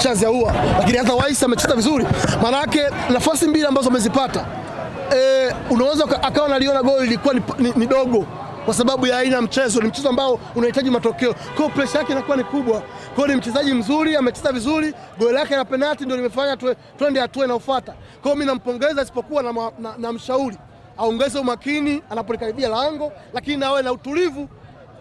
chance ya ua, lakini hata Wais amecheza vizuri, maanake nafasi mbili ambazo amezipata e, unaweza akawa naliona goli ilikuwa ni, ni, ni dogo kwa sababu ya aina mchezo. Ni mchezo ambao unahitaji matokeo, kwa hiyo presha yake inakuwa ni kubwa. Kwa hiyo ni mchezaji mzuri, amecheza vizuri, goli lake la penalti ndio limefanya twende hatua inayofuata. Kwa hiyo mimi nampongeza, isipokuwa na, na, na, na mshauri aongeze umakini anapolikaribia lango, lakini awe na utulivu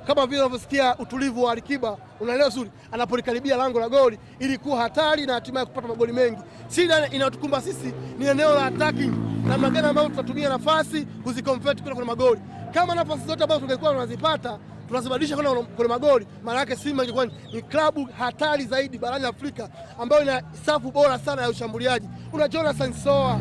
kama vile unavyosikia utulivu wa Alikiba unaelewa vizuri, anapolikaribia lango la goli ilikuwa hatari na hatimaye kupata magoli mengi. Shida inayotukumba sisi ni eneo la attacking, namna gani ambayo tutatumia nafasi kuziconvert kwenda kwenye magoli. Kama nafasi zote ambazo tungekuwa tunazipata tunazibadilisha kwenda kwenye magoli, maana yake Simba ingekuwa ni klabu hatari zaidi barani Afrika, ambayo ina safu bora sana ya ushambuliaji. Una Jonathan Soa,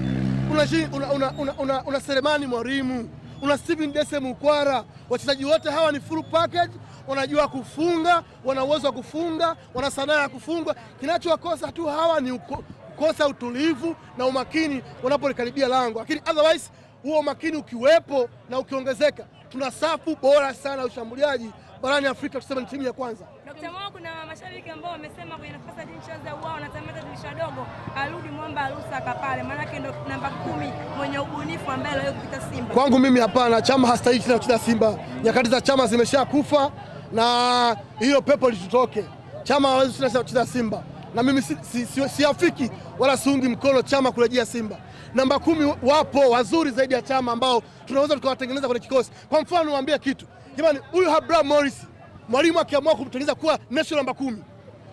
una una, una, una, una Selemani Mwalimu, una Steven Dese Mukwara Wachezaji wote hawa ni full package, wanajua kufunga, wana uwezo wa kufunga, wana sanaa ya kufunga. Kinachowakosa tu hawa ni kukosa utulivu na umakini wanapolikaribia lango, lakini otherwise huo umakini ukiwepo na ukiongezeka, tuna safu bora sana ya ushambuliaji barani Afrika, tuseme ni timu ya kwanza. Dr. Mo, kuna mashabiki ambao wamesema kwenye nafasi ya Dean Charles Ahoua natamata dirisha dogo arudi mwomba Lusaka pale, maanake ndo namba kumi mwenye ubunifu ambaye leo kupita Simba. Kwangu mimi hapana, Chama hastahili tena kucheza Simba. Nyakati za Chama zimesha kufa na hiyo pepo litutoke. Chama hawezi tena kucheza Simba, na mimi siafiki si, si, si wala siungi mkono Chama kurejea Simba namba kumi wapo wazuri zaidi ya Chama ambao tunaweza tukawatengeneza kwenye kikosi. Kwa mfano niwaambia kitu jamani, huyu Abraham Morris mwalimu akiamua kumtengeneza kuwa national namba kumi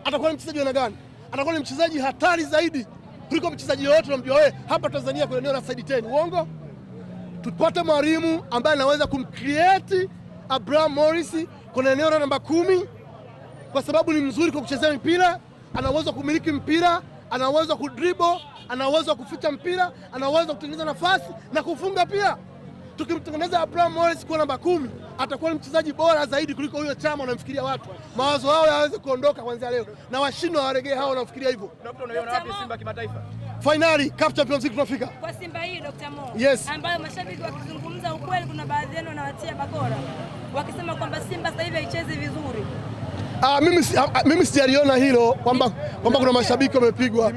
atakuwa ni mchezaji aina gani? Atakuwa ni mchezaji hatari zaidi kuliko mchezaji yoyote unamjua wewe hapa Tanzania kwenye eneo la side 10. Uongo? Tupate mwalimu ambaye anaweza kumcreate Abraham Morris kwenye eneo la namba kumi kwa sababu ni mzuri kwa kuchezea mpira, ana uwezo wa kumiliki mpira ana uwezo wa kudribo, ana uwezo wa kuficha mpira, ana uwezo wa kutengeneza nafasi na kufunga pia. Tukimtengeneza Abraham Morris kuwa namba kumi, atakuwa ni mchezaji bora zaidi kuliko huyo Chama unamfikiria. Watu mawazo yao yaweze kuondoka kuanzia leo, na washindwa waregee hao wanafikiria hivyo. Unaiona wapi Simba kimataifa? Finali CAF Champions League tunafika. Kwa Simba hii Dr. Mo. Yes. Ambayo mashabiki wakizungumza ukweli, kuna baadhi yenu wanawatia bakora wakisema kwamba Simba sasa hivi haichezi vizuri Ah, mimi, ah, mimi sijaliona hilo kwamba kwamba kuna mashabiki wamepigwa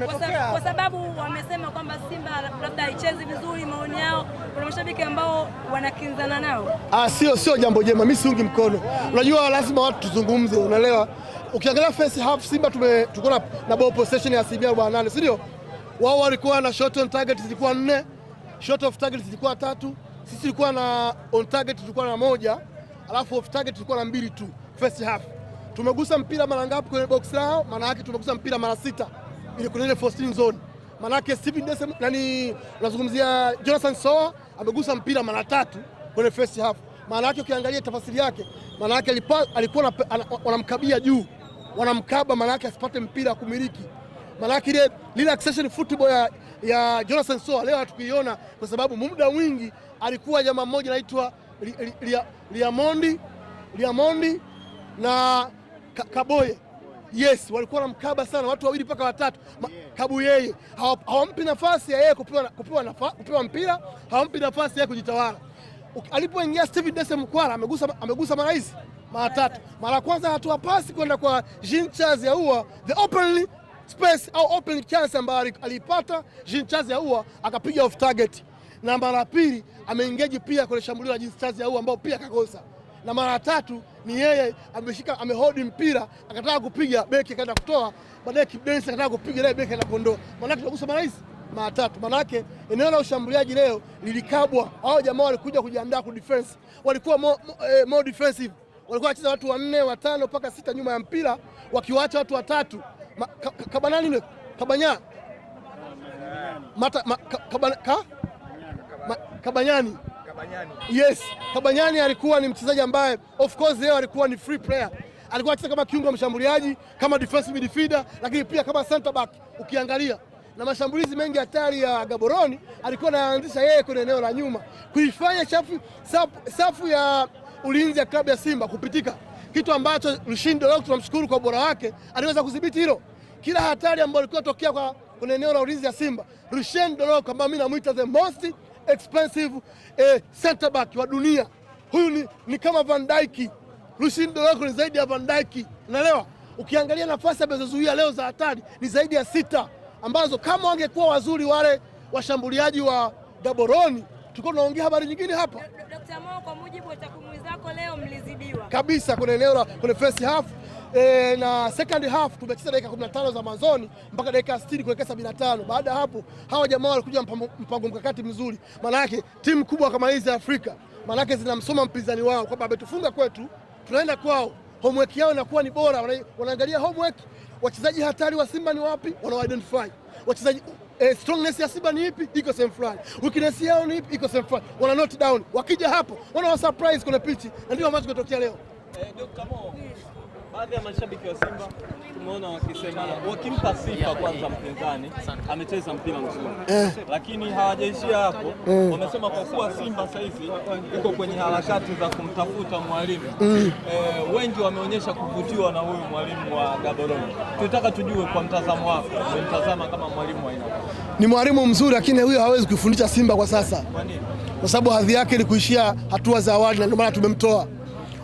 kwa sababu wamesema kwamba Simba labda haichezi vizuri, maoni yao. Kuna mashabiki ambao wanakinzana nao. Ah, sio sio jambo jema, mimi siungi mkono. Unajua lazima watu tuzungumze, unaelewa? Ukiangalia first half Simba tume tuko na ball possession ya asilimia 48, si ndio? Wao walikuwa na shot on target zilikuwa nne, shot off target zilikuwa tatu, sisi tulikuwa na on target tulikuwa na moja, alafu off target tulikuwa na mbili tu first half tumegusa mpira mara ngapi kwenye box lao? Maana yake tumegusa mpira mara sita, ile kwenye ile 14 zone. Maana yake Steven Dese nani, unazungumzia Jonathan Soa amegusa mpira mara tatu kwenye first half. Maana yake ukiangalia tafasiri yake, maana yake alikuwa wanamkabia juu, wanamkaba, maana yake asipate mpira kumiliki. Maana yake ile accession football ya, ya Jonathan Soa leo hatukuiona kwa sababu muda mwingi alikuwa jamaa mmoja anaitwa Liamondi Liamondi na Ka, Kaboye yes, walikuwa wanamkaba sana watu wawili mpaka watatu. Ma, kabu yeye hawampi nafasi ya yeye kupewa, kupewa, nafa, kupewa mpira hawampi nafasi ya yeye kujitawala. Alipoingia Steven Dese Mkwara amegusa, amegusa mara hizi mara tatu. Mara ya kwanza anatoa pasi kwenda kwa Jean Charles Ahoua, the open space au open chance ambayo alipata Jean Charles Ahoua akapiga off target, na mara pili ameengeji pia kwenye shambulio la Jean Charles Ahoua ambao pia akakosa, na mara tatu ni yeye ameshika, amehodi mpira akataka kupiga beki akaenda kutoa, baadaye kibensi akataka kupiga naye beki akaenda kuondoa. Maanake tunagusa hizi mara tatu. Maanake eneo la ushambuliaji leo lilikabwa. Hao jamaa walikuja kujiandaa ku defense, walikuwa more, eh, more defensive, walikuwa wacheza watu wanne watano mpaka sita nyuma ya mpira wakiwaacha watu watatu kabanani kabanya kabanyani Kabanyani. Yes, Kabanyani alikuwa ni mchezaji ambaye of course leo alikuwa ni free player. Alikuwa anacheza kama kiungo mshambuliaji, kama defensive midfielder, lakini pia kama center back ukiangalia na mashambulizi mengi hatari ya Gaboroni alikuwa anaanzisha yeye kwenye eneo la nyuma, kuifanya safu safu ya ulinzi ya klabu ya Simba kupitika, kitu ambacho Lushindo leo tunamshukuru kwa ubora wake, aliweza kudhibiti hilo. Kila hatari ambayo ilikuwa tokea kwa kwenye eneo la ulinzi ya Simba, Lushindo leo, kama mimi namuita the most expensive eh, center back wa dunia. Huyu ni, ni kama Van Dijk. Lucien Dorock ni zaidi ya Van Dijk. Unaelewa? Ukiangalia nafasi amezozuia leo za hatari ni zaidi ya sita ambazo kama wangekuwa wazuri wale washambuliaji wa Gaboroni tulikuwa tunaongea habari nyingine hapa. Dr. Mo, kwa mujibu wa takwimu zako leo mlizidiwa kabisa kwenye eneo la kwenye first half e, na second half tumecheza dakika 15 za mwanzoni mpaka dakika 60 kuelekea 75. Baada hapo hawa jamaa walikuja mpango mkakati mzuri, maana yake timu kubwa kama hizi Afrika maana yake zinamsoma mpinzani wao kwamba ametufunga kwetu, tunaenda kwao, homework yao inakuwa ni bora. Wanaangalia homework, wachezaji hatari wa Simba ni wapi, wana identify wachezaji Eh, strongness ya Simba ni ipi? Iko sehemu fulani. Weakness yao ni ipi? Iko sehemu fulani. Wana note down. Wakija hapo, wana surprise kwenye pitch na ndio ambacho kimetokea leo. Eh, Dr. Mo baadhi ya mashabiki wa Simba tumeona wakisema wakimpa sifa kwanza, mpinzani amecheza mpira mzuri eh, lakini hawajaishia hapo eh, wamesema kwa kuwa Simba sasa hivi iko kwenye harakati za kumtafuta mwalimu mm, eh, wengi wameonyesha kuvutiwa na huyu mwalimu wa Gaborone. Tunataka tujue kwa mtazamo wako, umemtazama kama mwalimu wa aina ni mwalimu mzuri, lakini huyo hawezi kuifundisha Simba kwa sasa. Kwa nini? Kwa sababu hadhi yake ni kuishia hatua za awali na ndio maana tumemtoa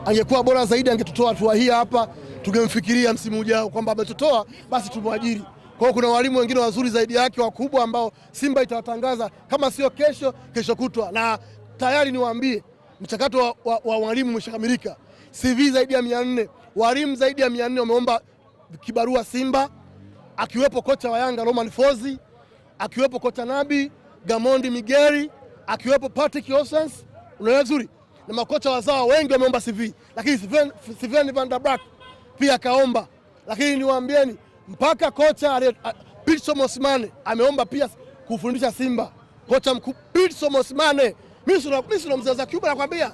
angekuwa bora zaidi, angetutoa hatua hii hapa, tungemfikiria msimu ujao kwamba ametutoa, basi tumwajiri. Kwa hiyo kuna walimu wengine wazuri zaidi yake wakubwa ambao Simba itawatangaza kama sio kesho, kesho kutwa, na tayari niwaambie mchakato wa, walimu umeshakamilika. CV zaidi ya mia nne walimu zaidi ya mia nne wameomba kibarua Simba, akiwepo kocha wa Yanga Roman Fozi, akiwepo kocha Nabi Gamondi Migeri, akiwepo Patrick Osens, unaona vizuri na makocha wazao wengi wameomba CV, lakini Sven van der Brak pia akaomba, lakini niwaambieni mpaka kocha Pitso Mosimane ameomba pia kufundisha Simba, kocha mkuu Pitso Mosimane. Mimi sio mzee za Cuba, nakwambia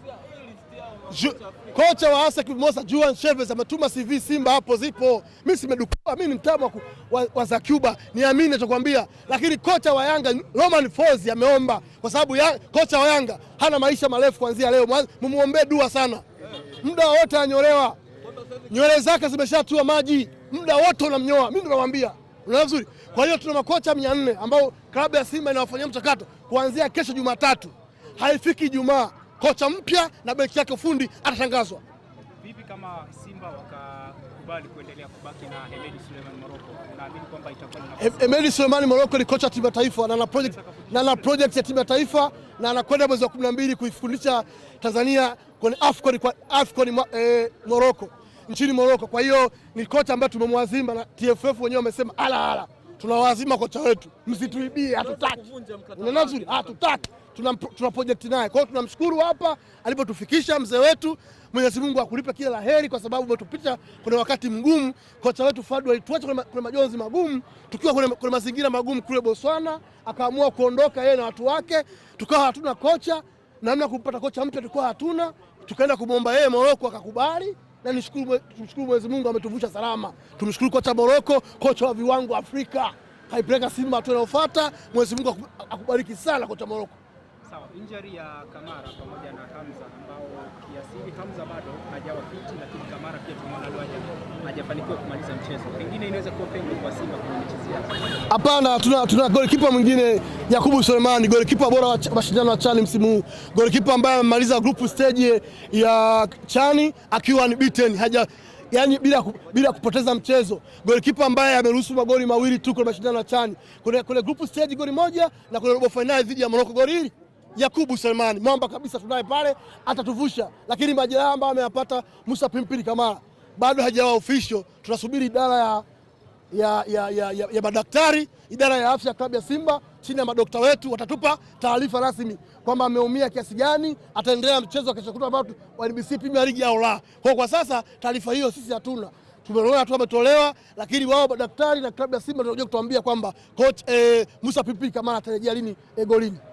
kocha wa ASEC Mimosa Juan Chavez ametuma CV Simba hapo zipo. Mimi simedukua, mimi ni mtamu wa, wa za Cuba, niamini ninachokwambia. Lakini kocha wa Yanga Roman Folz ameomba kwa sababu ya, kocha wa Yanga hana maisha marefu kuanzia leo. Mumuombee dua sana, muda wote anyolewa, nywele zake zimeshatua maji, muda wote unamnyoa. Mimi ndo nawaambia, unaona vizuri. Kwa hiyo tuna makocha 400 ambao klabu ya Simba inawafanyia mchakato kuanzia kesho Jumatatu, haifiki Ijumaa kocha mpya na beki yake ufundi atatangazwa. Vipi kama Simba wakakubali kuendelea kubaki na Hemedi Suleiman Moroko? Naamini kwamba itakuwa Hemedi Suleiman Moroko ni kocha timu ya taifa na ana project na ana project ya timu ya taifa na anakwenda mwezi wa 12 kuifundisha Tanzania kwenye Afcon kwa Afcon eh, Moroko nchini Moroko. Kwa hiyo ni kocha ambaye tumemwazima na TFF wenyewe wamesema ala ala, tunawazima kocha wetu, msituibie, hatutaki. Unaona hatutaki tuna, tuna project naye. Kwa hiyo tunamshukuru hapa alipotufikisha mzee wetu. Mwenyezi Mungu akulipe kila la heri, kwa sababu umetupita kwenye wakati mgumu. Kocha wetu Fadu alituacha kwenye majonzi magumu, tukiwa kwenye mazingira magumu kule Botswana, akaamua kuondoka yeye na watu wake, tukawa hatuna kocha, namna kumpata kocha mpya tulikuwa hatuna, tukaenda kumwomba yeye Moroko akakubali na nishukuru, tumshukuru Mwenyezi Mungu ametuvusha salama. Tumshukuru kocha Moroko, kocha wa viwango Afrika, haipeleka Simba hatua inayofuata. Mwenyezi Mungu akubariki sana kocha Moroko. Sawa, injury ya Kamara pamoja na Hamza ambao kiasili Hamza bado hajawa fiti, lakini Kamara pia tumeona leo hajafanikiwa kumaliza mchezo, pengine inaweza kuwa pengo kwa Simba kwenye mchezo. yao. Hapana, tuna, tuna golikipa mwingine Yakubu Sulemani, golikipa bora wa mashindano ya Chani msimu huu, golikipa ambaye amemaliza group stage ya Chani akiwa ni beaten haja yani bila, bila kupoteza mchezo, golikipa ambaye ameruhusu magoli mawili tu kwenye mashindano ya Chani, kwenye group stage goli moja na kwenye robo finali dhidi ya Morocco goli hili Yakubu Selemani mwamba kabisa tunaye pale, atatuvusha. Lakini majeraha ambayo ameyapata Musa Pimpili Kamara bado hajawa official, tunasubiri idara ya ya, ya, ya, ya, ya madaktari, idara ya afya ya klabu ya Simba chini ya madokta wetu watatupa taarifa rasmi kwamba ameumia kiasi gani, ataendelea mchezo wa kesho kutwa ambao wa NBC Premier League au la. Kwa kwa sasa taarifa hiyo sisi hatuna, tumeona tu ametolewa, lakini wao madaktari na klabu ya Simba tunajua kutuambia kwamba coach eh, Musa Pimpili Kamara atarejea lini eh, golini.